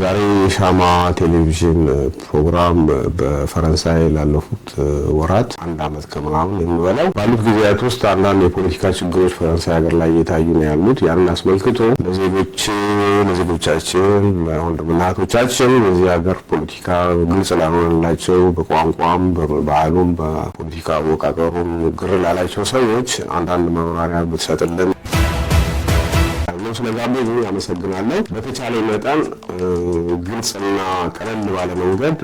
ዛሬ የሻማ ቴሌቪዥን ፕሮግራም በፈረንሳይ ላለፉት ወራት አንድ አመት ከምናምን የሚበላው ባሉት ጊዜያት ውስጥ አንዳንድ የፖለቲካ ችግሮች ፈረንሳይ ሀገር ላይ እየታዩ ነው ያሉት። ያንን አስመልክቶ ለዜጎች ለዜጎቻችን ወንድም በዚህ ሀገር ፖለቲካ ግልጽ ላልሆነላቸው በቋንቋም፣ በባህሉም፣ በፖለቲካ አወቃቀሩም ግር ላላቸው ሰዎች አንዳንድ መብራሪያ ብትሰጥልን ነው። ስለ አመሰግናለሁ። በተቻለ መጠን ግልጽና ቀለል ባለ መንገድ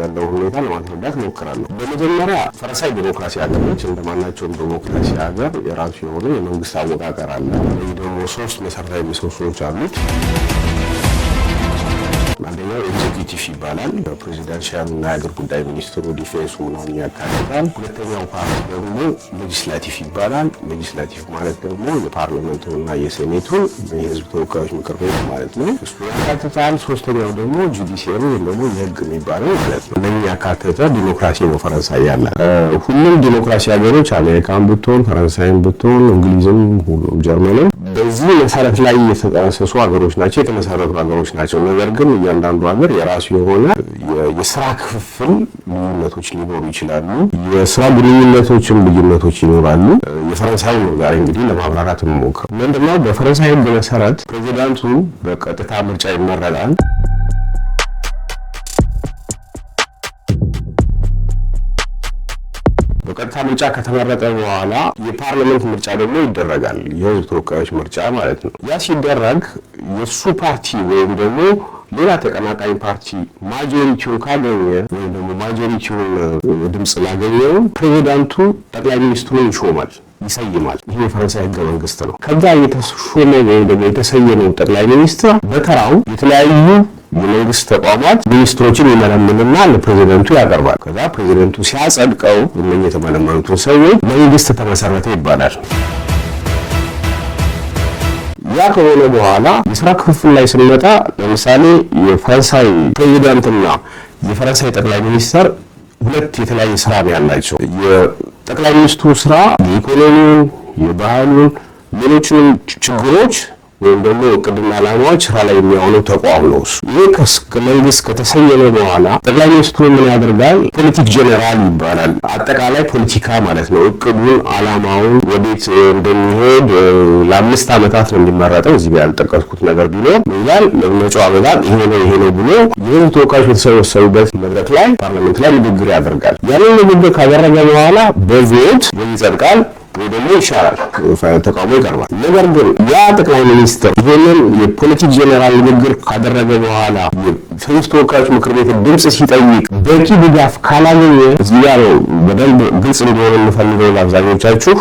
ያለው ሁኔታ ለማስረዳት ሞክራለሁ። በመጀመሪያ ፈረንሳይ ዲሞክራሲ ሀገር ነች። እንደማናቸውም ዲሞክራሲ ሀገር የራሱ የሆነ የመንግስት አወቃቀር አለ። ደግሞ ሶስት መሰረታዊ ምሰሶዎች አሉት። አንደኛው ኤግዚኪቲቭ ይባላል። ፕሬዚደንሻል እና የአገር ጉዳይ ሚኒስትሩ ዲፌንሱ ምናምን ያካትታል። ሁለተኛው ፓርት ደግሞ ሌጅስላቲቭ ይባላል። ሌጅስላቲቭ ማለት ደግሞ የፓርላመንቱንና የሴኔቱን የህዝብ ተወካዮች ምክር ቤት ማለት ነው፣ እሱ ያካትታል። ሶስተኛው ደግሞ ጁዲሽሪ ወይም ደግሞ የህግ የሚባለው ማለት ነው። እነኚህ ያካተተ ዲሞክራሲ ነው ፈረንሳይ ያለ ሁሉም ዲሞክራሲ ሀገሮች አሜሪካን ብትሆን ፈረንሳይን ብትሆን እንግሊዝም ሁሉም ጀርመንም በዚህ መሰረት ላይ የተጠነሰሱ ሀገሮች ናቸው፣ የተመሰረቱ ሀገሮች ናቸው። ነገር ግን እያንዳንዱ ሀገር የራሱ የሆነ የስራ ክፍፍል ልዩነቶች ሊኖሩ ይችላሉ። የስራ ግንኙነቶችም ልዩነቶች ይኖራሉ። የፈረንሳይ ነው ዛሬ እንግዲህ ለማብራራት ንሞከ ምንድነው በፈረንሳይ ህግ መሰረት ፕሬዚዳንቱ በቀጥታ ምርጫ ይመረጣል። ምርጫ ከተመረጠ በኋላ የፓርላመንት ምርጫ ደግሞ ይደረጋል። የህዝብ ተወካዮች ምርጫ ማለት ነው። ያ ሲደረግ የእሱ ፓርቲ ወይም ደግሞ ሌላ ተቀናቃኝ ፓርቲ ማጆሪቲውን ካገኘ ወይም ደግሞ ማጆሪቲውን ድምፅ ላገኘው ፕሬዚዳንቱ ጠቅላይ ሚኒስትሩን ይሾማል ይሰይማል። ይህ የፈረንሳይ ህገ መንግስት ነው። ከዛ የተሾመ ወይም ደግሞ የተሰየመው ጠቅላይ ሚኒስትር በተራው የተለያዩ የመንግስት ተቋማት ሚኒስትሮችን ይመለምልና ለፕሬዚደንቱ ያቀርባል። ከዛ ፕሬዚደንቱ ሲያጸድቀው እነኝ የተመለመሉትን ሰዎች መንግስት ተመሰረተ ይባላል። ያ ከሆነ በኋላ የስራ ክፍፍል ላይ ስንመጣ ለምሳሌ የፈረንሳይ ፕሬዚዳንትና የፈረንሳይ ጠቅላይ ሚኒስተር ሁለት የተለያየ ስራ ነው ያላቸው። የጠቅላይ ሚኒስትሩ ስራ የኢኮኖሚውን፣ የባህሉን፣ ሌሎችንም ችግሮች ወይም ደግሞ እቅድና ዓላማዎች ስራ ላይ የሚያውለው ተቋም ነው። እሱ ይህ መንግስት ከተሰየመ በኋላ ጠቅላይ ሚኒስትሩ ምን ያደርጋል? ፖለቲክ ጀኔራል ይባላል። አጠቃላይ ፖለቲካ ማለት ነው። እቅዱን፣ ዓላማውን፣ ወዴት እንደሚሄድ ለአምስት ዓመታት ነው የሚመረጠው። እዚህ ጋር ያልጠቀስኩት ነገር ቢኖር ይላል መጪው ዓመታት ይሄ ነው ይሄ ነው ብሎ የህዝብ ተወካዮች የተሰበሰቡበት መድረክ ላይ ፓርላመንት ላይ ንግግር ያደርጋል። ያንን ንግግር ካደረገ በኋላ በቮት ይጸድቃል። ወይ ደግሞ ይሻላል ተቃውሞ ይቀርባል። ነገር ግን ያ ጠቅላይ ሚኒስትር ይህንን የፖለቲክ ጄኔራል ንግግር ካደረገ በኋላ የሕዝብ ተወካዮች ምክር ቤት ድምፅ ሲጠይቅ በቂ ድጋፍ ካላገኘ እዚህ ጋር በደንብ ግልጽ እንደሆነ የምፈልገው ለአብዛኞቻችሁ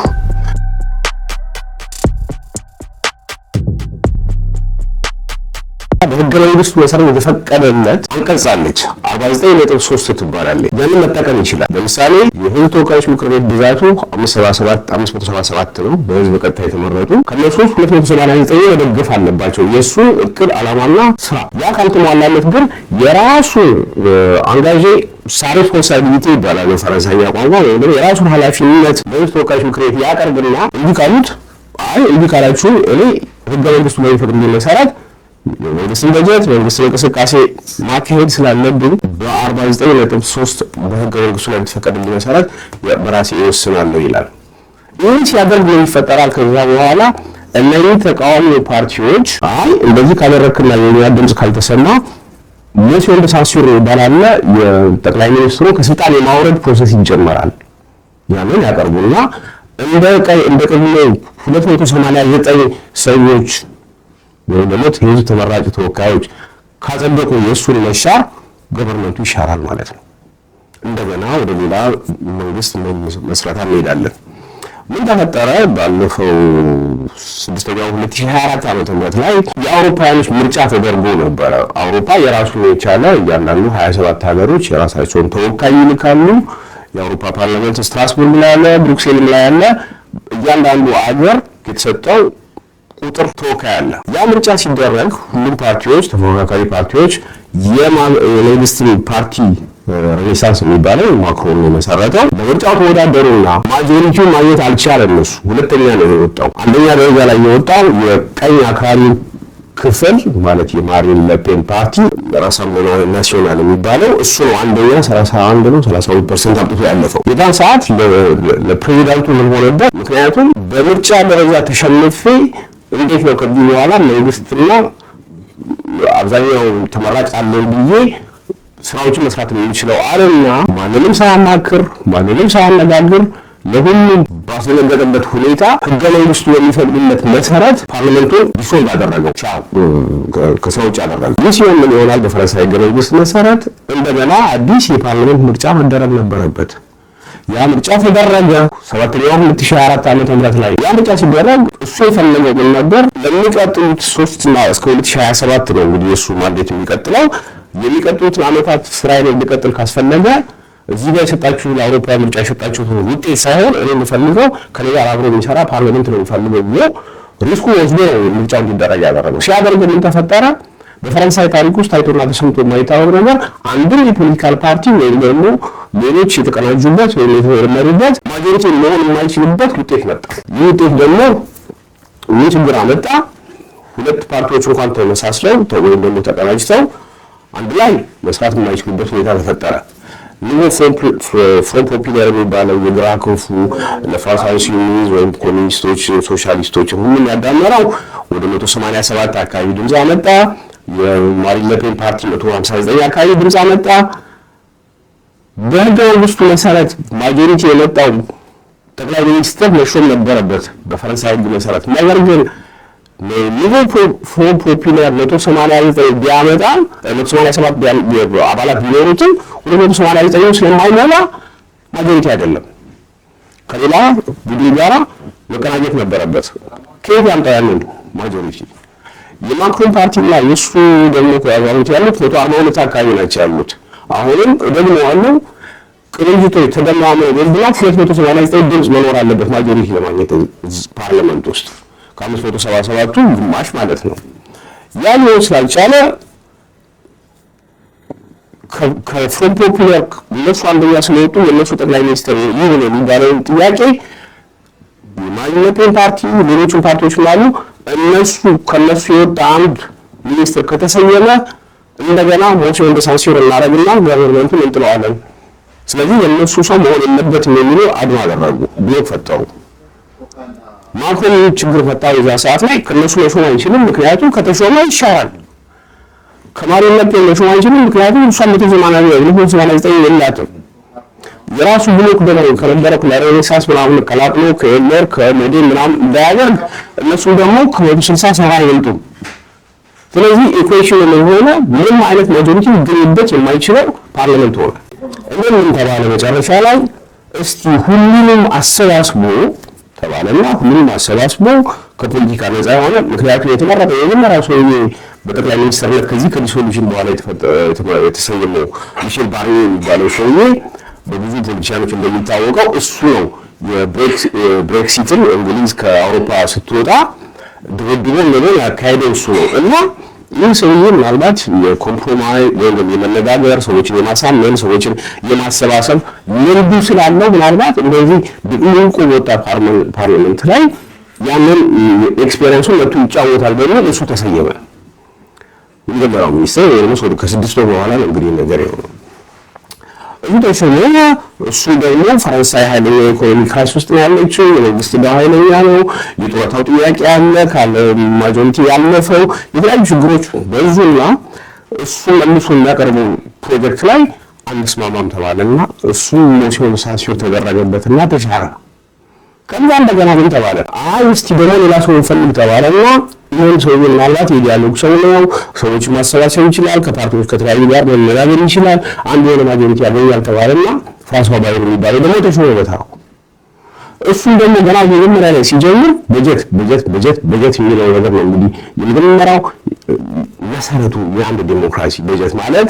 በህገ መንግስቱ መሰረት የተፈቀደለት አንቀጽ አለች። አርባ ትባላለች። በምን መጠቀም ይችላል? ለምሳሌ የህዝብ ተወካዮች ምክር ቤት ብዛቱ አምስት ሰባ ሰባት ነው። በህዝብ በቀጥታ የተመረጡ ከነሱ ሁለት መደገፍ አለባቸው። የእሱ እቅድ አላማና ስራ ያ ካልተሟላለት ግን የራሱ አንጋዤ ሳሪፍ ሆሳቢሊቲ ይባላል በፈረንሳይኛ ቋንቋ ወይም ደግሞ የራሱን ኃላፊነት በህዝብ ተወካዮች ምክር ቤት ያቀርብና እንዲህ ካሉት አይ እንዲህ ካላችሁ እኔ ህገ መንግስቱ ላይ ፈቅድ መሰረት የመንግስትን በጀት መንግስትን እንቅስቃሴ ማካሄድ ስላለብኝ በአርባ ዘጠኝ ነጥብ ሶስት በህገ መንግስቱ ላይ በተፈቀደልኝ መሰረት በራሴ ይወስናለሁ ይላል። ይህን ሲያደርግ ምን ይፈጠራል? ከዛ በኋላ እነዚህ ተቃዋሚ ፓርቲዎች አይ እንደዚህ ካደረክና የሚያ ድምፅ ካልተሰማ ሞሲዮን ደሳሱር ይባላል የጠቅላይ ሚኒስትሩ ከስልጣን የማውረድ ፕሮሰስ ይጀመራል። ያንን ያቀርቡና እንደ ቀይ እንደ ቅድሞ 289 ሰዎች ወይም ደግሞ የህዝብ ተመራጭ ተወካዮች ካጸደቁ የእሱን መሻር ገቨርንመንቱ ይሻራል ማለት ነው። እንደገና ወደ ሌላ መንግስት መስረታ እንሄዳለን። ምን ተፈጠረ? ባለፈው ስድስተኛው 2024 ዓመተ ምህረት ላይ የአውሮፓውያኖች ምርጫ ተደርጎ ነበረ። አውሮፓ የራሱን የቻለ እያንዳንዱ 27 ሀገሮች የራሳቸውን ተወካይ ይልካሉ። የአውሮፓ ፓርላመንት ስትራስቡርግ ላይ አለ፣ ብሩክሴልም ላይ አለ። እያንዳንዱ አገር የተሰጠው ቁጥር ተወካይ አለ። ያ ምርጫ ሲደረግ ሁሉም ፓርቲዎች፣ ተፎካካሪ ፓርቲዎች የመንግስትን ፓርቲ ሬኔሳንስ የሚባለው ማክሮን የመሰረተው በምርጫው ተወዳደሩና ማጆሪቲውን ማግኘት አልቻለም። እሱ ሁለተኛ ነው የወጣው። አንደኛ ደረጃ ላይ የወጣው የቀኝ አክራሪ ክፍል ማለት የማሪን ለፔን ፓርቲ ረሰምና ናሲዮናል የሚባለው እሱ ነው አንደኛ 31 ነው 32 ፐርሰንት አምጥቶ ያለፈው። የዛን ሰዓት ለፕሬዚዳንቱ ምን ሆነበት? ምክንያቱም በምርጫ ደረጃ ተሸንፌ እንዴት ነው ከዚህ በኋላ መንግስትና አብዛኛው ተመራጭ አለው ብዬ ስራዎችን መስራት የሚችለው አለና ማንንም ሳያማክር ማንንም ሳያነጋግር ለሁሉም ባስደነገጠበት ሁኔታ ህገ መንግስቱ በሚፈቅድለት መሰረት ፓርላመንቱን ዲሶልቭ አደረገው፣ ከስራ ውጭ አደረገ። ይህ ሲሆን ምን ይሆናል? በፈረንሳይ ህገ መንግስት መሰረት እንደገና አዲስ የፓርላመንት ምርጫ መደረግ ነበረበት። ያ ምርጫ ተደረገ ሰባተኛው 2024 ዓመተ ምህረት ላይ ያ ምርጫ ሲደረግ እሱ የፈለገ ምን ነበር? ለሚቀጥሉት ሶስት እና እስከ 2027 ነው እንግዲህ እሱ ማንዴት የሚቀጥለው የሚቀጥሉትን ዓመታት ስራዬን እንድቀጥል ካስፈለገ እዚህ ጋር የሰጣችሁ ለአውሮፓ ምርጫ የሰጣችሁ ውጤት ሳይሆን እኔ የምፈልገው ከኔ ጋር አብሮ የሚሰራ ፓርላሜንት ነው የምፈልገው ብሎ ሪስኩ ወስዶ ምርጫው እንዲደረግ ያደረገው ሲያደርግ ምን ተፈጠረ? በፈረንሳይ ታሪክ ውስጥ ታይቶና ተሰምቶ የማይታወቅ ነገር አንድን የፖለቲካል ፓርቲ ወይም ደግሞ ሌሎች የተቀናጁበት ወይም የተመረመሩበት ማጆሪቲ መሆን የማይችልበት ውጤት መጣ። ይህ ውጤት ደግሞ ይህ ችግር አመጣ። ሁለት ፓርቲዎች እንኳን ተመሳስለው ወይም ደግሞ ተቀናጅተው አንድ ላይ መስራት የማይችሉበት ሁኔታ ተፈጠረ። ሊበ ፍሮን ፖፒለር የሚባለው የግራ ክንፉ ለፈረንሳዊ ሲሚዝ ወይም ኮሚኒስቶች፣ ሶሻሊስቶች ሁሉም ያዳመረው ወደ 187 አካባቢ ድምፅ አመጣ። የማሪን ለፔን ፓርቲ 159 አካባቢ ድምፅ አመጣ። በህገ መንግስቱ መሰረት ማጆሪቲ የመጣው ጠቅላይ ሚኒስትር መሾም ነበረበት በፈረንሳይ ህግ መሰረት። ነገር ግን ኒቮ ፎ ፖፒላር 189 ቢያመጣ 187 አባላት ቢኖሩትም 189 ስለማይሞላ ማጆሪቲ አይደለም። ከሌላ ቡድን ጋራ መቀናኘት ነበረበት። ከየት ያምጣ ያንን ማጆሪቲ? የማክሮን ፓርቲና የእሱ ደግሞ ተያዛሪዎች ያሉት መቶ አርባ ሁለት አካባቢ ናቸው ያሉት። አሁንም ደግሞ አሉ ቅንጅቶች ተደማምረው በብዛት ሁለት መቶ ሰማንያ ዘጠኝ ድምፅ መኖር አለበት ማጆሪቲ ለማግኘት ፓርላመንት ውስጥ ከአምስት መቶ ሰባ ሰባቱ ግማሽ ማለት ነው። ያ ሊሆን ስላልቻለ ከፍሮም ፖፑለር እነሱ አንደኛ ስለወጡ የእነሱ ጠቅላይ ሚኒስትር ይሁን የሚባለውን ጥያቄ የማንኛውም ፓርቲ ሌሎቹን ፓርቲዎች አሉ እነሱ ከነሱ የወጣ አንድ ሚኒስትር ከተሰየመ እንደገና ሞሲዮን ደ ሳንሱር እናደርግና ገቨርመንቱን እንጥለዋለን። ስለዚህ የእነሱ ሰው መሆን የለበትም የሚሉ አድማ አደረጉ፣ ብሎክ ፈጠሩ። ማልኮም ችግር ፈጣ። የዛ ሰዓት ላይ ከእነሱ መሾም አይችልም፣ ምክንያቱም ከተሾመ ይሻራል። ከማሪን ለፔን መሾም አይችልም፣ ምክንያቱም እሷ ምትዝ ማናዊ ልሁን ዘማናዊ ዘጠኝ የላትም የራሱ ብሎክ ደግሞ ከነበረው ለሬኔሳንስ ምናምን ቀላቅሎ ከኤልመር ከሜዴን ምናምን እንዳያደርግ እነሱ ደግሞ ስልሳ ሰባ አይበልጡም። ስለዚህ ኢኩዌሽን የሆነ ምንም አይነት ማጆሪቲ ሊገኝበት የማይችለው ፓርላመንት ሆነ። እኔ ምን ተባለ መጨረሻ ላይ እስቲ ሁሉንም አሰባስቦ ተባለና ሁሉንም አሰባስቦ ከፖለቲካ ነፃ የሆነ ምክንያቱም የተመረጠ የመጀመሪያ ሰውዬ በጠቅላይ ሚኒስትርነት ከዚህ ከዲሶሉሽን በኋላ የተሰየመው ሚሼል ባርኒዬ የሚባለው ሰውዬ በብዙ ፖለቲሻኖች እንደሚታወቀው እሱ ነው የብሬክሲትን እንግሊዝ ከአውሮፓ ስትወጣ ድርድሩን ለምን ያካሄደው እሱ ነው እና ይህ ሰውዬ ምናልባት የኮምፕሮማይ ወይም የመነጋገር ሰዎችን የማሳመን ሰዎችን የማሰባሰብ ልምዱ ስላለው ምናልባት እንደዚህ ብቁ ወጣ ፓርላመንት ላይ ያንን ኤክስፔሪንሱን መጥቶ ይጫወታል በሚል እሱ ተሰየመ። የመጀመሪያው ሚኒስትር ወይ ከስድስት ወር በኋላ ነው እንግዲህ ነገር የሆነው። ውጤት ነው። እሱ ደግሞ ፈረንሳይ ኃይለኛ የኢኮኖሚ ክራይስ ውስጥ ነው ያለችው። የመንግስት ዕዳ ኃይለኛ ነው። የጡረታው ጥያቄ ያለ ካለ ማጆሪቲ ያለፈው የተለያዩ ችግሮች በዙና እሱ መልሶ የሚያቀርበው ፕሮጀክት ላይ አንስማማም ተባለና እሱ ሞሲዮን ሳሲዮ ተደረገበትና ተሻረ። ከዛ እንደገና ግን ተባለ አይ እስቲ ደግሞ ሌላ ሰው እንፈልግ ተባለና ይህም ሰውዬ ምናልባት የዲያሎግ ሰው ነው፣ ሰዎች ማሰባሰብ ይችላል፣ ከፓርቲዎች ከተለያዩ ጋር መነጋገር ይችላል፣ አንድ የሆነ ማጆሪቲ ያገኛል ተባለና ፍራንሷ ባየር የሚባለው ደግሞ ተሾመበት። እሱም ደግሞ ገና መጀመሪያ ላይ ሲጀምር በጀት በጀት በጀት በጀት የሚለው ነገር ነው። እንግዲህ የመጀመሪያው መሰረቱ የአንድ ዴሞክራሲ በጀት ማለት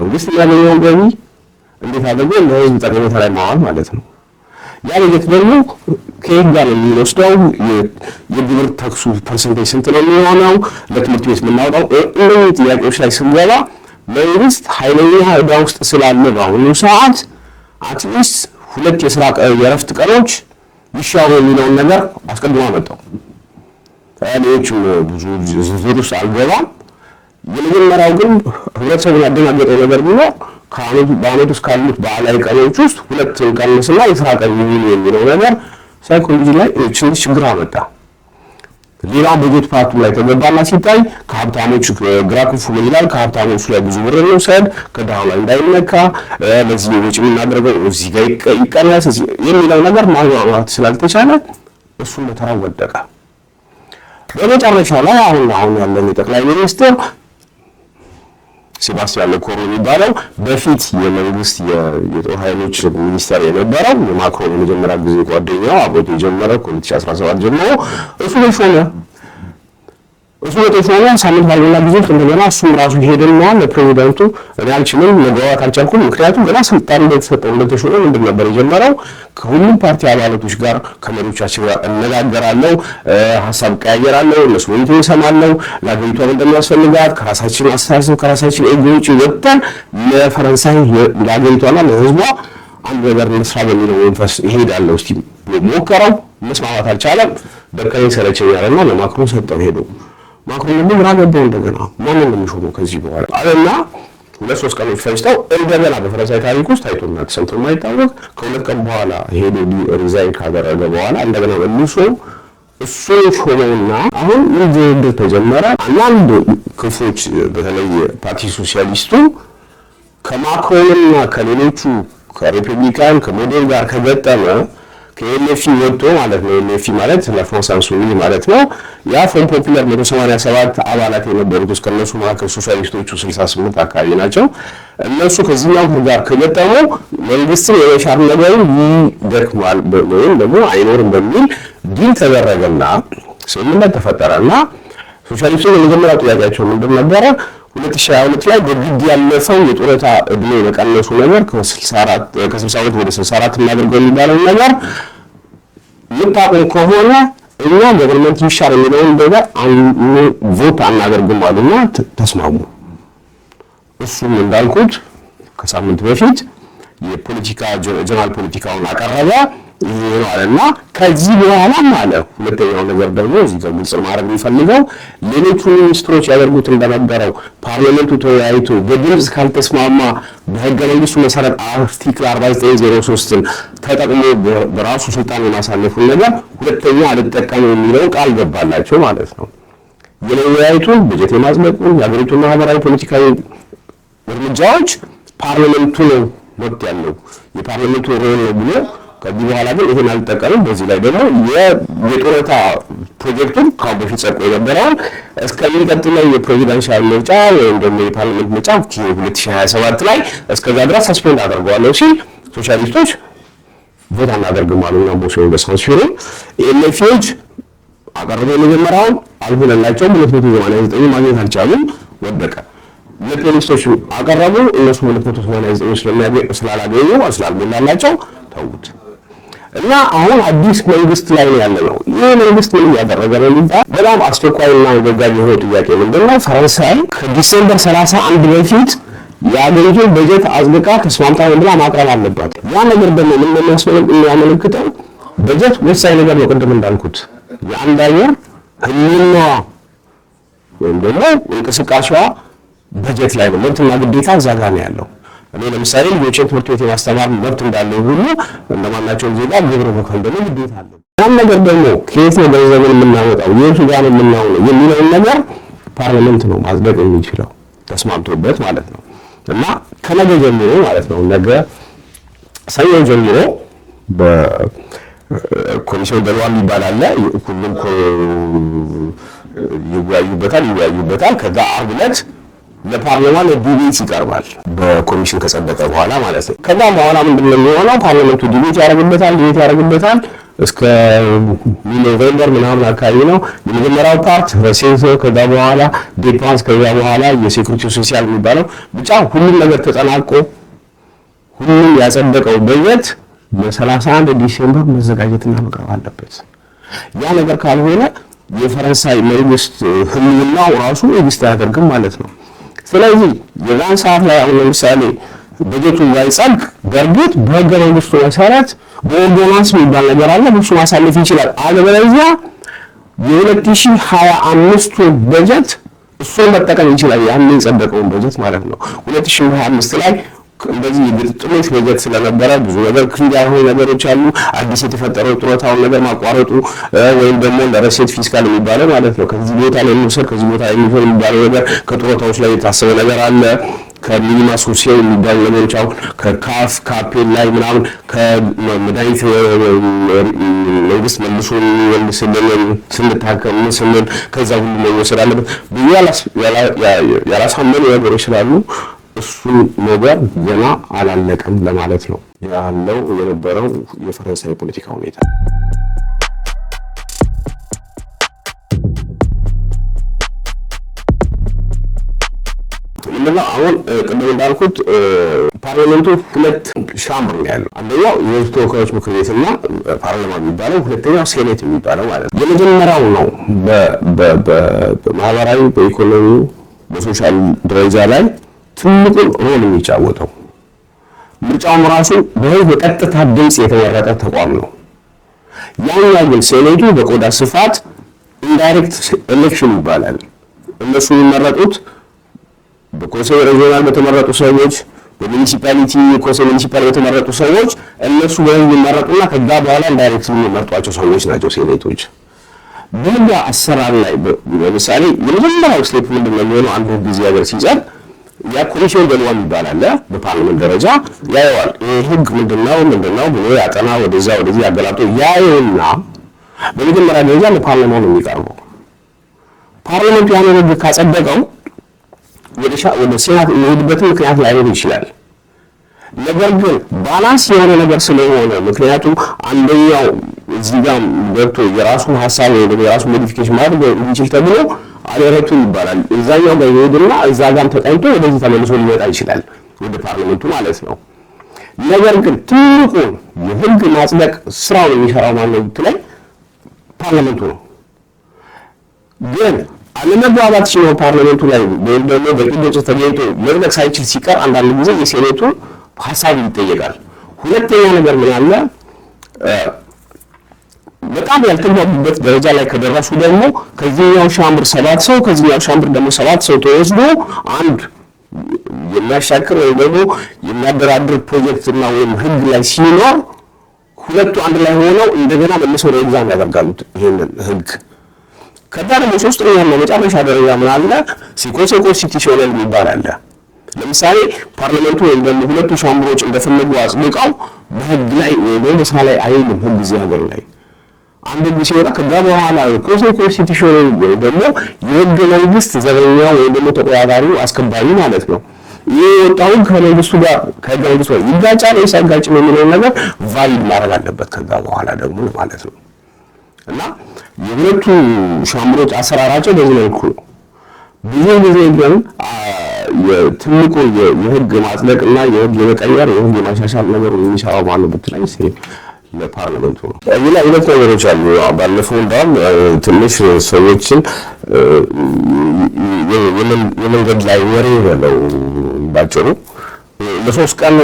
መንግስት የሚያገኘውን ገቢ እንዴት አድርጎ ለህዝብ ጠቀሜታ ላይ ማዋል ማለት ነው። ያ በጀት ደግሞ ከየት ጋር ነው የምንወስደው? የግብር ታክሱ ፐርሰንቴጅ ስንት ነው የሚሆነው? ለትምህርት ቤት የምናወጣው እነዚህ ጥያቄዎች ላይ ስንገባ መንግስት ኃይለኛ ዕዳ ውስጥ ስላለ በአሁኑ ሰዓት አትሊስት ሁለት የስራ የእረፍት ቀኖች ይሻሉ የሚለውን ነገር አስቀድሞ አመጣው። ሌሎችም ብዙ ዝርዝር ውስጥ አልገባም። የመጀመሪያው ግን ህብረተሰቡን ያደናገጠው ነገር ቢኖር በዓመት ውስጥ ካሉት በዓላዊ ቀኖች ውስጥ ሁለት ቀንስና የስራ ቀን ይሁን የሚለው ነገር ሳይኮሎጂ ላይ ትንሽ ችግር አመጣ። ሌላ በጀት ፓርቱ ላይ ተገባና ሲታይ ከሀብታሞች ግራ ክንፉ ምን ይላል? ከሀብታሞች ላይ ብዙ ብር እንውሰድ፣ ከድሃው ላይ እንዳይነካ፣ ለዚህ ወጪ የምናደርገው እዚህ ጋር ይቀነስ የሚለው ነገር ማግባባት ስላልተቻለ እሱም በተራ ወደቀ። በመጨረሻ ላይ አሁን አሁን ያለን የጠቅላይ ሚኒስትር ሴባስቲያን ለኮር የሚባለው በፊት የመንግስት የጦር ኃይሎች ሚኒስተር የነበረው የማክሮን የመጀመሪያ ጊዜ ጓደኛው አብሮት የጀመረ ከ2017 ጀምሮ እሱ ሆነ። እሱ የተሾመው ሳምንት ባልሞላ ጊዜ እንደገና እሱም ራሱ ሄደና ለፕሬዚዳንቱ እኔ አልችልም መግባባት አልቻልኩም፣ ምክንያቱም ገና ስልጣን እንደተሰጠው እንደተሾመ ምንድን ነበር የጀመረው ከሁሉም ፓርቲ አባላቶች ጋር ከመሪዎቻችን ጋር እነጋገራለሁ፣ ሀሳብ ቀያየራለሁ፣ እነሱ ወይቶ ይሰማለሁ፣ ለአገሪቷ እንደሚያስፈልጋት ከራሳችን አስተሳሰብ ከራሳችን ኤጎ ውጭ ወጥተን ለፈረንሳይ ለአገሪቷና ለሕዝቧ አንድ ነገር እንስራ በሚለው መንፈስ ይሄዳለሁ እስቲ ሞከረው። መስማማት አልቻለም። ደከመኝ ሰለቸኝ አለና ለማክሮን ሰጠው ሄደው ማክሮን ደግሞ ግራ ገባው። እንደገና ማንን ነው የሚሾመው ከዚህ በኋላ አለና ሁለት ሶስት ቀኖች ፈጅተው እንደገና በፈረንሳይ ታሪክ ውስጥ ታይቶና ተሰምቶ የማይታወቅ ከሁለት ቀን በኋላ ሄዶ ሪዛይን ካደረገ በኋላ እንደገና መልሶ እሱ ሾመውና አሁን ድርድር ተጀመረ። አንዳንድ ክፍሎች በተለይ ፓርቲ ሶሲያሊስቱ ከማክሮንና ከሌሎቹ ከሪፐብሊካን ከሞዴል ጋር ከገጠመ ከኤልኤፍሲ ወጥቶ ማለት ነው። ኤልኤፍሲ ማለት ለፍራንስ አንሱኒ ማለት ነው። ያ ፎን ፖፑላር 187 አባላት የነበሩት ውስጥ ከእነሱ መካከል ሶሻሊስቶቹ 68 አካባቢ ናቸው። እነሱ ከዚህኛው ጋር ከገጠሙ መንግስትን የመሻር ነገሩ ይደክማል ወይም ደግሞ አይኖርም በሚል ድል ተደረገና ስምምነት ተፈጠረና ሶሻሊስቶች የመጀመሪያ ጥያቄያቸው ምንድን ነበረ? 2022 ላይ በግድ ያለፈው የጡረታ እድሜ በቀነሱ ነገር ከ62 ወደ 64 እናደርገው የሚባለው ነገር የምታቆም ከሆነ እኛ ገቨርንመንት ይሻል የሚለውን ነገር ቮት አናደርግም አሉና ተስማሙ። እሱም እንዳልኩት ከሳምንት በፊት የፖለቲካ ጀነራል ፖለቲካውን አቀረበ። እና ከዚህ በኋላም አለ ሁለተኛው ነገር ደግሞ እዚህ ግልጽ ማድረግ የሚፈልገው ሌሎቹ ሚኒስትሮች ያደርጉት እንደነበረው ፓርላመንቱ ተወያይቶ በድምፅ ካልተስማማ በህገ መንግስቱ መሰረት አርቲክል 4903ን ተጠቅሞ በራሱ ስልጣን የማሳለፉን ነገር ሁለተኛ አልጠቀም የሚለው ቃል ገባላቸው ማለት ነው። የመወያየቱን በጀት የማጽደቁን የሀገሪቱን ማህበራዊ ፖለቲካዊ እርምጃዎች ፓርላመንቱ ነው መብት ያለው የፓርላመንቱ ሮል ነው ብሎ ከዚህ በኋላ ግን ይህን አልጠቀምም። በዚህ ላይ ደግሞ የጡረታ ፕሮጀክቱን ካሁን በፊት ጸድቆ የነበረውን እስከሚቀጥለው የፕሬዚዳንሻል ምርጫ ወይም ደግሞ የፓርላመንት ምርጫ 2027 ላይ እስከዛ ድረስ ሰስፔንድ አድርገዋለሁ ሲል ሶሻሊስቶች ቦታ ቮት አናደርግም አሉና ሞሽን በሳንሱሩ ኤልኤፍዎች አቀረበ የመጀመሪያውን አልሆነላቸውም። ሁለት መቶ ሰማንያ ዘጠኝ ማግኘት አልቻሉም፣ ወደቀ። ለፔኒስቶች አቀረቡ እነሱ ሁለት መቶ ሰማንያ ዘጠኝ ስለማያገኙ ስላላገኙ ስላልሞላላቸው ተዉት። እና አሁን አዲስ መንግስት ላይ ነው ያለ ነው። ይህ መንግስት ምን እያደረገ ነው የሚባል በጣም አስቸኳይና አንገብጋቢ የሆነ ጥያቄ ምንድነው? ፈረንሳይ ከዲሴምበር 31 በፊት የአገሪቱ በጀት አጽድቃ ተስማምታ ብላ ማቅረብ አለባት። ያ ነገር ደግሞ ምን የሚያመለክተው በጀት ወሳኝ ነገር ነው። ቅድም እንዳልኩት የአንድ ሀገር ህልውና ወይም ደግሞ እንቅስቃሴዋ በጀት ላይ ነው። መብትና ግዴታ እዛ ጋ ነው ያለው። እኔ ለምሳሌ ልጆቼን ትምህርት ቤት የማስተማር መብት እንዳለው ሁሉ እንደማናቸውም ዜጋ ግብር መክፈል ደግሞ ግዴታ አለው። ያን ነገር ደግሞ ከየት ነው ገንዘብን የምናወጣው የቱ የምናው ነው የምናውለው የሚለውን ነገር ፓርላመንት ነው ማጽደቅ የሚችለው ተስማምቶበት ማለት ነው። እና ከነገ ጀምሮ ማለት ነው ነገ ሰኞ ጀምሮ በኮሚሽን በልዋ የሚባል አለ። ሁሉም ይወያዩበታል ይወያዩበታል ከዛ አሁን ለፓርላማ ለዲቤት ይቀርባል። በኮሚሽን ከጸደቀ በኋላ ማለት ነው። ከዛ በኋላ ምንድን ነው የሚሆነው? ፓርላመንቱ ዲቤት ያደርግበታል፣ ዲቤት ያደርግበታል እስከ ኖቬምበር ምናምን አካባቢ ነው የመጀመሪያው ፓርት ሴንሶ፣ ከዛ በኋላ ዴፓንስ፣ ከዛ በኋላ የሴኩሪቲ ሶሲያል የሚባለው ብቻ ሁሉም ነገር ተጠናቆ ሁሉም ያጸደቀው በጀት በ31 ዲሴምበር መዘጋጀትና መቅረብ አለበት። ያ ነገር ካልሆነ የፈረንሳይ መንግስት ህልውናው ራሱ ኤግዚስት አያደርግም ማለት ነው። ስለዚህ የዛን ሰዓት ላይ አሁን ለምሳሌ በጀቱ ባይጸድቅ በእርግጥ በህገ መንግስቱ መሰረት በኦርዶናንስ የሚባል ነገር አለ። በሱ ማሳለፍ ይችላል። አለበለዚያ ሀያ 2025 በጀት እሱን መጠቀም ይችላል። ያንን የጸደቀውን በጀት ማለት ነው ሀያ አምስት ላይ እንደዚህ ግልጥሎች በጀት ስለነበረ ብዙ ነገር ክፍያ ያልሆኑ ነገሮች አሉ። አዲስ የተፈጠረው ጡረታውን ነገር ማቋረጡ ወይም ደግሞ ለረሴት ፊስካል የሚባለው ማለት ነው ከዚህ ቦታ ላይ የሚወሰድ ከዚህ ቦታ ላይ የሚሆን የሚባለው ነገር ከጡረታዎች ላይ የታሰበ ነገር አለ። ከሚኒማ ሶሲያል የሚባሉ ነገሮች አሁን ከካፍ ካፔል ላይ ምናምን ከመድኃኒት መንግስት መልሶ የሚመልስልን ስንታከም ስንል ከዛ ሁሉ መወሰድ አለበት ብዙ ያላሳመኑ ነገሮች ስላሉ እሱን ነገር ገና አላለቀም ለማለት ነው ያለው የነበረው የፈረንሳይ ፖለቲካ ሁኔታ። ምንድነው አሁን ቅድም እንዳልኩት ፓርላመንቱ ሁለት ሻምር ነው ያለው። አንደኛው የህዝብ ተወካዮች ምክር ቤትና ፓርላማ የሚባለው፣ ሁለተኛው ሴኔት የሚባለው ማለት ነው። የመጀመሪያው ነው በማህበራዊ፣ በኢኮኖሚ፣ በሶሻል ደረጃ ላይ ትልቁን ሮል የሚጫወተው ምርጫውም ራሱ በህዝብ በቀጥታ ድምፅ የተመረጠ ተቋም ነው። ያኛው ግን ሴኔቱ በቆዳ ስፋት ኢንዳይሬክት ኤሌክሽን ይባላል። እነሱ የሚመረጡት በኮሴ ሬጂዮናል በተመረጡ ሰዎች፣ በሚኒሲፓሊቲ ኮሴ ሚኒሲፓል በተመረጡ ሰዎች እነሱ በህዝብ የሚመረጡና ከዛ በኋላ ኢንዳይሬክት የሚመርጧቸው ሰዎች ናቸው ሴኔቶች። በህግ አሰራር ላይ ለምሳሌ የመጀመሪያው ስቴፕ ምንድን ነው የሚሆነው? አንዱ ጊዜ ሀገር ሲጸድ ያ ኮሚሽን በልዋም ይባላል በፓርላመንት ደረጃ ያየዋል። ይህ ህግ ምንድነው ምንድነው ብሎ ያጠና ወደዛ ወደዚህ ያገላብጦ ያየውና በመጀመሪያ ደረጃ ለፓርላማው ነው የሚቀርበው። ፓርላመንቱ ያን ህግ ካጸደቀው ወደ ሴናት የሚሄድበትን ምክንያት ላይኖር ይችላል። ነገር ግን ባላንስ የሆነ ነገር ስለሆነ ምክንያቱም አንደኛው እዚህ ጋር ገብቶ የራሱን ሀሳብ ወይ የራሱን ሞዲፊኬሽን ማድረግ እንዲችል ተብሎ አሬሬቱን ይባላል። እዛኛው ጋር ይሄድና እዛ ጋር ተጣይቶ ወደዚህ ተመልሶ ሊመጣ ይችላል፣ ወደ ፓርላመንቱ ማለት ነው። ነገር ግን ትልቁ የህግ ማጽደቅ ስራውን የሚሰራው ማነው ብትለኝ ፓርላመንቱ ነው። ግን አለመግባባት ሲኖር ፓርላመንቱ ላይ ወይም ደግሞ በቅንጭ ተገኝቶ መጽደቅ ሳይችል ሲቀር አንዳንድ ጊዜ የሴኔቱ ሀሳብ ይጠየቃል። ሁለተኛ ነገር ምን አለ በጣም ያልተግባቡበት ደረጃ ላይ ከደረሱ ደግሞ ከዚህኛው ሻምብር ሰባት ሰው ከዚህኛው ሻምብር ደግሞ ሰባት ሰው ተወስዶ አንድ የሚያሻክር ወይም ደግሞ የሚያደራድር ፕሮጀክት ፕሮጀክትና ወይም ህግ ላይ ሲኖር ሁለቱ አንድ ላይ ሆነው እንደገና መልሰው ኤግዛም ያደርጋሉት ይህንን ህግ። ከዛ ደግሞ ሶስተኛ መጨረሻ ደረጃ ምን አለ ሲኮንሴ ኮንስቲቱሽናል የሚባል አለ። ለምሳሌ ፓርላመንቱ ወይም ደግሞ ሁለቱ ሻምብሮች እንደፈለጉ አጽድቀው በህግ ላይ ወይ በመሳ ላይ አይልም ህግ እዚህ ሀገር ላይ አንድ ጊዜ ሲወጣ ከዛ በኋላ ኮንስቲቱሽን ወይ ደግሞ የህገ መንግስት ዘበኛ ወይ ደግሞ ተቆጣጣሪው አስከባሪ ማለት ነው። ይህ የወጣውን ከመንግስቱ ጋር ከህገ መንግስቱ ጋር ይጋጫል ወይስ አይጋጭም የሚለውን ነገር ቫሊድ ማድረግ አለበት ከዛ በኋላ ደግሞ ማለት ነው። እና የሁለቱ ሻምሮች አሰራራቸው በዚህ መልኩ ነው። ብዙ ጊዜ ግን ትልቁ የህግ ማጽደቅና የህግ የመቀየር የህግ የማሻሻል ነገሩ የሚሰራው ማነው ብትለኝ ለፓርላመንቱ ነው። ሌላ ሁለት ነገሮች አሉ። ባለፈው እንዳውም ትንሽ ሰዎችን የመንገድ ላይ ወሬ በለው ባጭሩ ለሶስት ቀን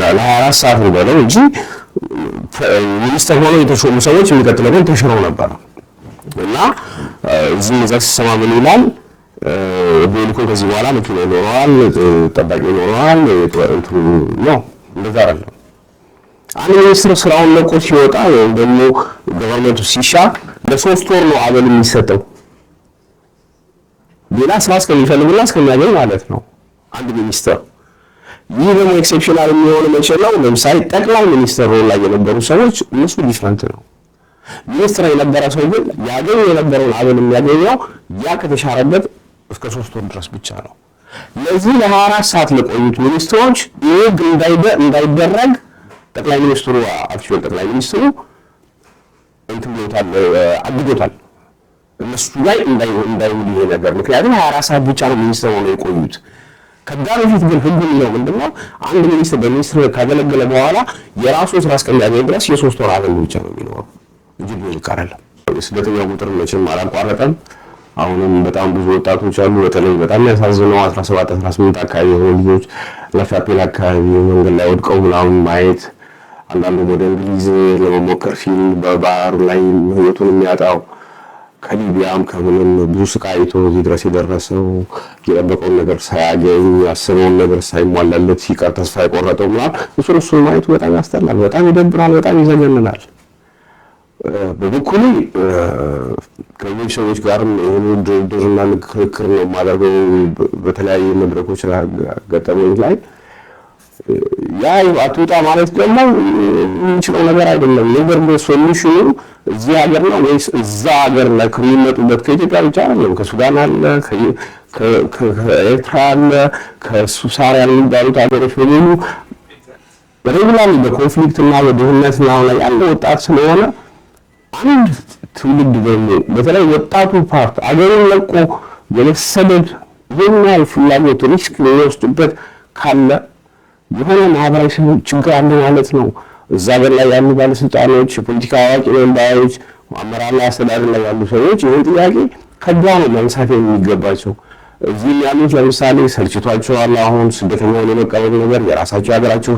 ለሀያ አራት ሰዓት በለው እንጂ ሚኒስተር ሆነው የተሾሙ ሰዎች የሚቀጥለው ግን ተሽረው ነበር እና እዚህ እዛ ሲሰማ ምን ይላል ቤልኮ ከዚህ በኋላ መኪና ይኖረዋል፣ ጠባቂ ይኖረዋል ነው እንደዛ አይደለም አንድ ሚኒስትር ስራውን ለቆ ሲወጣ ወይም ደግሞ ገቨርንመንቱ ሲሻ ለሶስት ወር ነው አበል የሚሰጠው ሌላ ስራ እስከሚፈልጉና እስከሚያገኝ ማለት ነው። አንድ ሚኒስተር ይህ ደግሞ ኤክሴፕሽናል የሚሆነ መቼ ነው? ለምሳሌ ጠቅላይ ሚኒስተር ሮል ላይ የነበሩ ሰዎች እነሱ ዲፍረንት ነው። ሚኒስትር የነበረ ሰው ግን ያገኝ የነበረውን አበል የሚያገኘው ያ ከተሻረበት እስከ ሶስት ወር ድረስ ብቻ ነው። ለዚህ ለ24 ሰዓት ለቆዩት ሚኒስትሮች ይህ እንዳይደረግ ጠቅላይ ሚኒስትሩ አክቹዋል ጠቅላይ ሚኒስትሩ እንትን ብሎታል፣ አግዶታል እነሱ ላይ እንዳይውል ይሄ ነገር። ምክንያቱም ሀያ አራት ሰዓት ብቻ ነው ሚኒስትር ሆነው የቆዩት። ከዛ በፊት ግን ህጉ የሚለው ምንድን ነው? አንድ ሚኒስትር በሚኒስትር ካገለገለ በኋላ የራሱ ስራ እስከሚያገኝ ድረስ የሶስት ወር አገል ብቻ ነው የሚኖረው እንጂ ብዙ ይቀራል። ስደተኛ ቁጥር መቼም አላቋረጠም። አሁንም በጣም ብዙ ወጣቶች አሉ። በተለይ በጣም ያሳዝነው 17 18 አካባቢ የሆኑ ልጆች ለሻፔል አካባቢ መንገድ ላይ ወድቀው ምናምን ማየት አንዳንዱ ወደ እንግሊዝ ለመሞከር ሲል በባህሩ ላይ ህይወቱን የሚያጣው ከሊቢያም ከምንም ብዙ ስቃይ አይቶ እዚህ ድረስ የደረሰው የጠበቀውን ነገር ሳያገኝ ያስበውን ነገር ሳይሟላለት ሲቀር ተስፋ የቆረጠው ምናል እሱ እሱን ማየቱ በጣም ያስጠላል፣ በጣም ይደብራል፣ በጣም ይዘገንናል። በበኩሌ ከሌሎች ሰዎች ጋርም ይህን ድርድርና ክርክር ነው የማደርገው በተለያዩ መድረኮች ገጠመኝ ላይ ያ አትውጣ ማለት ደግሞ የምንችለው ነገር አይደለም። ነገር ሶሉሽኑ እዚህ ሀገር ነው ወይስ እዛ ሀገር ላይ ከሚመጡበት ከኢትዮጵያ ብቻ አይደለም። ከሱዳን አለ፣ ከኤርትራ አለ፣ ከሱሳር የሚባሉት ሀገሮች በሙሉ ሬጉላር በኮንፍሊክትና በድህነትና ላይ ያለ ወጣት ስለሆነ አንድ ትውልድ ደግሞ በተለይ ወጣቱ ፓርት አገሩን ለቆ የመሰደድ ይህን ያህል ፍላጎት ሪስክ የሚወስድበት ካለ የሆነ ማህበራዊ ችግር አለ ማለት ነው። እዛ ሀገር ላይ ያሉ ባለስልጣኖች፣ የፖለቲካ አዋቂ መንባዮች፣ አመራርና አስተዳደር ላይ ያሉ ሰዎች ይህን ጥያቄ ከዛ ነው ማንሳት የሚገባቸው። እዚህም ያሉት ለምሳሌ ሰልችቷቸዋል። አሁን ስደተኛውን የመቀበሉ ነገር የራሳቸው የሀገራቸው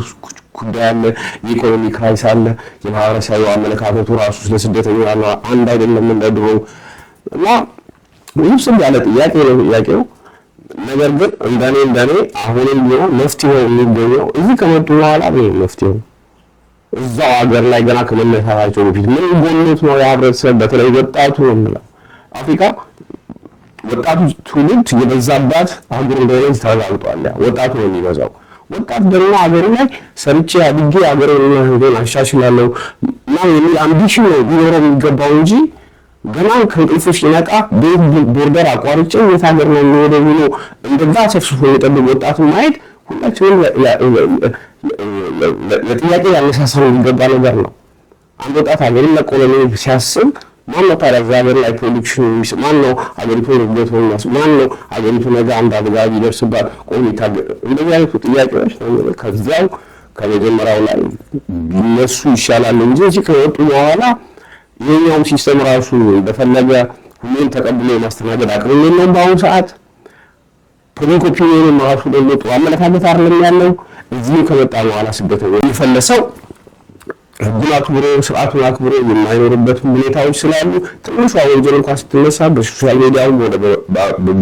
ጉዳይ አለ፣ የኢኮኖሚ ክራይስ አለ፣ የማህበረሰቡ አመለካከቱ ራሱ ስለ ስደተኛ ያለ አንድ አይደለም እንደድሮ ድሮው እና ውስብስብ ያለ ጥያቄ ነው ጥያቄው ነገር ግን እንደኔ እንደኔ አሁንም ቢሆን መፍትሄው የሚገኘው እዚህ ከመጡ በኋላ ነው መፍትሄው እዛው ሀገር ላይ ገና ከመነሳታቸው በፊት ምን ጎኖት ነው የህብረተሰብ በተለይ ወጣቱ ነው የምለው አፍሪካ ወጣቱ ትውልድ የበዛባት ሀገር እንደሆነ ተረጋግጧል። ወጣቱ ነው የሚበዛው። ወጣት ደግሞ ሀገሩ ላይ ሰርቼ አድጌ ሀገሬን አሻሽላለሁ የሚል አምቢሽን ነው ሊኖረው የሚገባው እንጂ ገና ከእንቅልፉ ሲነቃ ቤት ቦርደር አቋርጬ የት ሀገር ነው የሚሄደው ብሎ እንደዛ ሰፍስፎ የሚጠብቅ ወጣቱ ማየት ሁላችንም ለጥያቄ ያነሳሳው የሚገባ ነገር ነው። አንድ ወጣት ሀገርን ለቆ ለመሄድ ሲያስብ ማን ነው ታዲያ እዛ ሀገር ላይ ፕሮዲክሽን የሚስ ማን ነው ሀገሪቱን ርግበት ሆኛስ ማን ነው ሀገሪቱ ነገ አንድ አደጋ ቢደርስባት ይታገል እንደዚህ አይነቱ ጥያቄዎች ከዚያው ከመጀመሪያው ላይ ቢነሱ ይሻላል እንጂ እዚህ ከወጡ በኋላ ይህኛውም ሲስተም ራሱ በፈለገ ሁሉም ተቀብሎ የማስተናገድ አቅም የለውም። በአሁኑ ሰዓት ፐብሊክ ኦፒኒየን ራሱ ደግሞ ጥሩ አመለካከት አይደለም ያለው። እዚህም ከመጣ በኋላ ስደተኛ የፈለሰው ሕጉን አክብሮ ስርዓቱን አክብሮ የማይኖርበት ሁኔታዎች ስላሉ ትንሿ ወንጀል እንኳን ስትነሳ በሶሻል ሚዲያው ወደ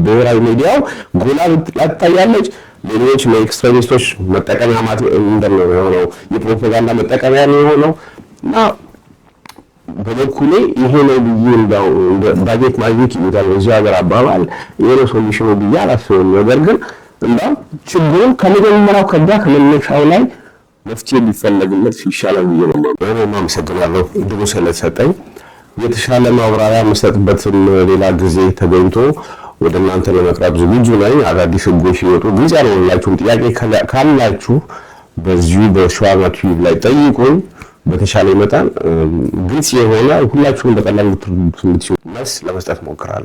ብሔራዊ ሚዲያው ጎላ ትታያለች። ሌሎች ለኤክስትሪሚስቶች መጠቀሚያ የሆነው የፕሮፓጋንዳ መጠቀሚያ የሆነው እና በበኩሌ ይሄ ነው ብዬ እንዳው ባጀት ማግኘት ይላል እዚህ ሀገር አባባል ይሄ ነው ሶሉሽኑ ብዬ አላስብም። ነገር ግን እንዳው ችግሩን ከመጀመሪያው ከዛ ከመነሻው ላይ መፍትሄ ሊፈለግለት ይሻላል ብዬ ነው። እኔም አመሰግናለሁ እድሉ ስለተሰጠኝ። የተሻለ ማብራሪያ የምሰጥበትም ሌላ ጊዜ ተገኝቶ ወደ እናንተ ለመቅረብ ዝግጁ ነኝ። አዳዲስ ህጎች ሲወጡ ግልጽ ያልሆንላችሁም ጥያቄ ካላችሁ በዚሁ በሸዋና ቲዩብ ላይ ጠይቁኝ። በተሻለ መጠን ግልጽ የሆነ ሁላችሁም በቀላል ልትረዱት የምትችሉ መልስ ለመስጠት ሞክራለሁ።